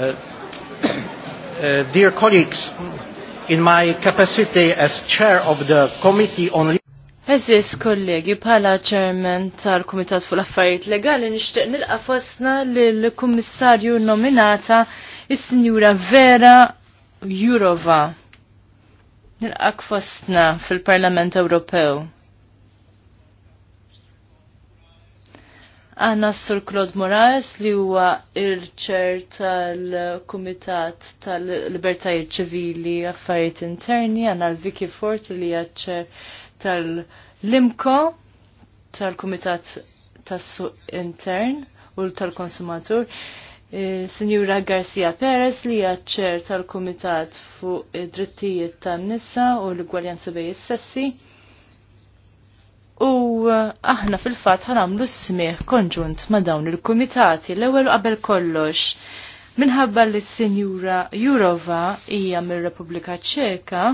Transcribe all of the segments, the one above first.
Uh, uh, dear colleagues, in my capacity as chair of the committee on Eżis kollegi, bħala ċermen tal-Kumitat fuq l-Affarijiet Legali nixtieq nilqa' fostna lill-Kummissarju nominata is-Sinjura Vera Jurova. Nilqa' fostna fil-Parlament Ewropew. Għanna s-sur Claude Morales li huwa il-ċer tal-Kumitat tal-Libertajiet ċivili Affarijiet Interni, għanna l-Viki Fort li hija ċer tal-Limko tal-Kumitat tas-Suq Intern u tal-Konsumatur. E, Sinjura Garcia Perez li hija ċer tal-Kumitat fuq id-Drittijiet tan-Nisa u l-Gwaljanza bejn is-Sessi. U eh, aħna fil-fat ħanamlu s smih konġunt ma' dawn il-komitati l-ewwel qabel kollox. Minħabba li s senjura Jurova hija mir-Repubblika Ċeka,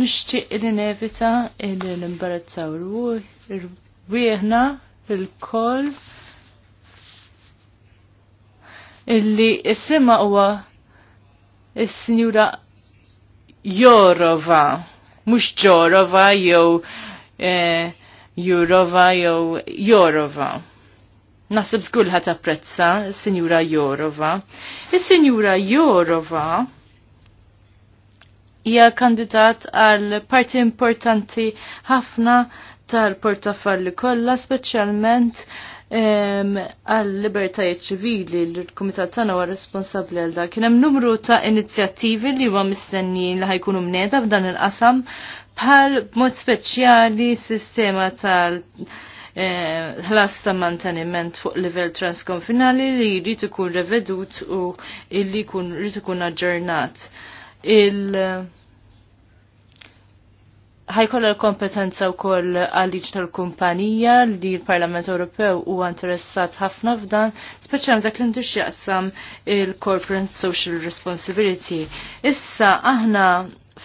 nixtieq li nevita li nimbarazzaw rwieħna il-koll illi s sema huwa s-Sinjura Jorova, mhux Ġorova jew Eh, Jurova jew Jorova. Nasib skull ħadd apprezza s-Sinjura Jorova. Is-Sinjura Jorova hija kandidat għal parti importanti ħafna tal-portafalli kollha speċjalment għal libertajiet ċivili l kumitat tagħna huwa responsabbli għal dak. Kien hemm numru ta' inizjattivi li huwa mistennijin li ħajkunu mneda f'dan il-qasam bħal mod speċjali sistema tal eh, ħlas ta' manteniment fuq livell transkonfinali li jrid ikun revedut u illi jkun jrid ikun aġġornat. Il- ħajkoll l-kompetenza wkoll għal-liġ tal-kumpanija li l-Parlament Ewropew huwa interessat ħafna f'dan, speċjal dak li ndux jaqsam il-Corporate Social Responsibility. Issa aħna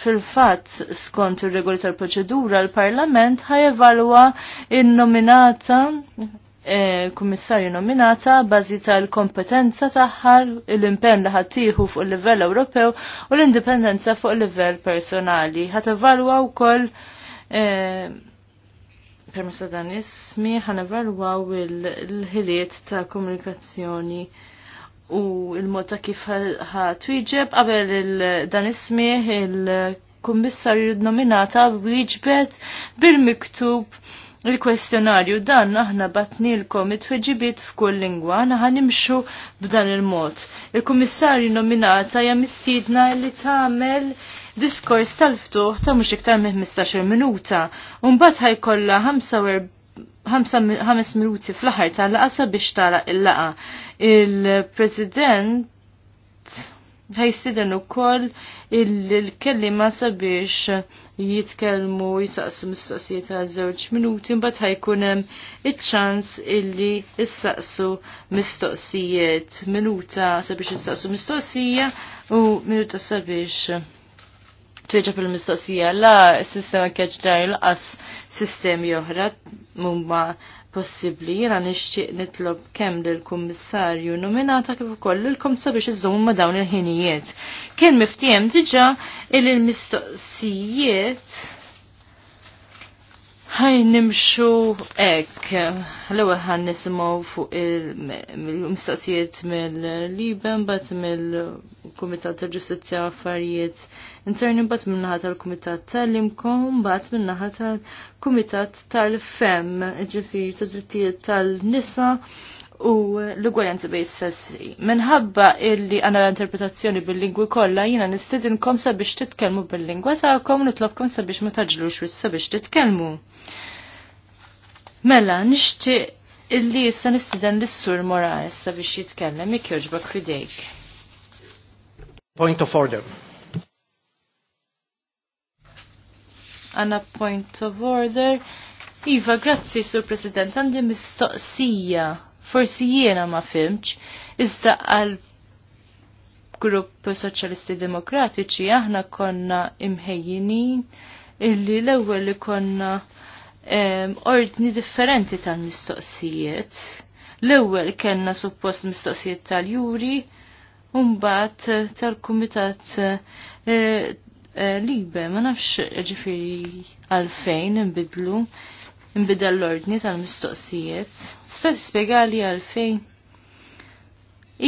fil-fatt skont ir-regoli tal-proċedura l-Parlament ħajevalwa il nominata kummissarju nominata bażi tal-kompetenza tagħha, l-impenn li ħaddieħu fuq il-livell Ewropew u l-indipendenza fuq il-livell personali. Ħat evalwa wkoll e, eh, permessa dan ismi ħan evalwaw il-ħiliet ta' komunikazzjoni u il-mod ta' kif ħatwieġeb qabel dan ismi il-kummissarju nominata wieġbet bil-miktub il-kwestjonarju dan aħna batnilkom it-tweġibiet f'kull lingwa, aħna nimxu b'dan il-mod. Il-kummissarju nominata hija mistiedna li tagħmel diskors tal-ftuħ ta' mhux iktar minn 15-il minuta. Mbagħad ħajkollha 5 minuti fl-aħħar tal laqa sabiex tagħlaq il-laqa. Il-President u ukoll il-kellima sabiex jitkellmu jisaqsu mistoqsijiet għal żewġ minuti mbagħad ħajkun hemm iċ-ċans illi issaqsu mistoqsijiet minuta sabiex issaqsu mistoqsija u minuta sabiex tweġeb il-mistoqsija la s-sistema catch dajl as sistemi oħra mumma possibbli jiena nixtieq nitlob kemm lill-kummissarju nominata kif ukoll lilkom sabiex iżżomm ma' dawn il-ħinijiet. Kien miftiem diġà il mistoqsijiet ħaj nimxu ek, l-ewel ħan nisimaw fuq il-mistoqsijiet mill-Liben, bat mill- kumitat tal-Ġustizzja Affarijiet Interni mbagħad minnaħa tal-Kumitat tal-Imko mbagħad minnaħa tal-Kumitat tal-Fem, ġifieri tad-drittijiet tal-nisa u l-ugwaljanza bej sessi. Minħabba illi għana l-interpretazzjoni bil-lingwi kollha jiena nistidinkom sabiex titkellmu bil-lingwa tagħkom nitlobkom sabiex ma taġlux sabiex titkellmu. Mela, nixtieq illi issa nistiden lis sur Moraes sabiex jitkellem jekk joġbok ridejk. Point of order. Għanna point of order. Iva, grazzi, Sur President, għandi mistoqsija. Forsi jiena ma fimċ, iżda għal grupp Soċjalisti Demokratiċi aħna konna imħejjinin illi l-ewwel li konna um, ordni differenti tal-mistoqsijiet. L-ewwel kellna suppost mistoqsijiet tal-juri, Umbat eh, tal-Kumitat eh, eh, Libe, ma nafx ġifiri għalfejn imbidlu, imbidel l-ordni tal-mistoqsijiet. Sta' spiegali għalfejn.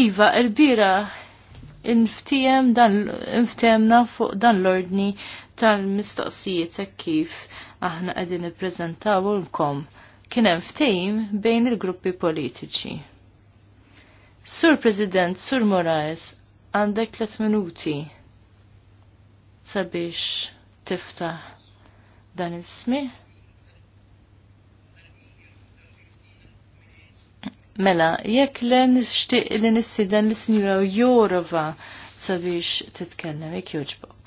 Iva, il-bira inftijemna fuq dan l-ordni tal-mistoqsijiet kif aħna għedin i-prezentawu l-kom. Kienem ftejim bejn il-gruppi politiċi. Sur President, Sur Moraes, għandek tlet minuti sabiex tifta dan ismi. Mela, jekk le nixtieq li nissiden l-Sinjura Jorova sabiex titkellem, jekk jogħġbok.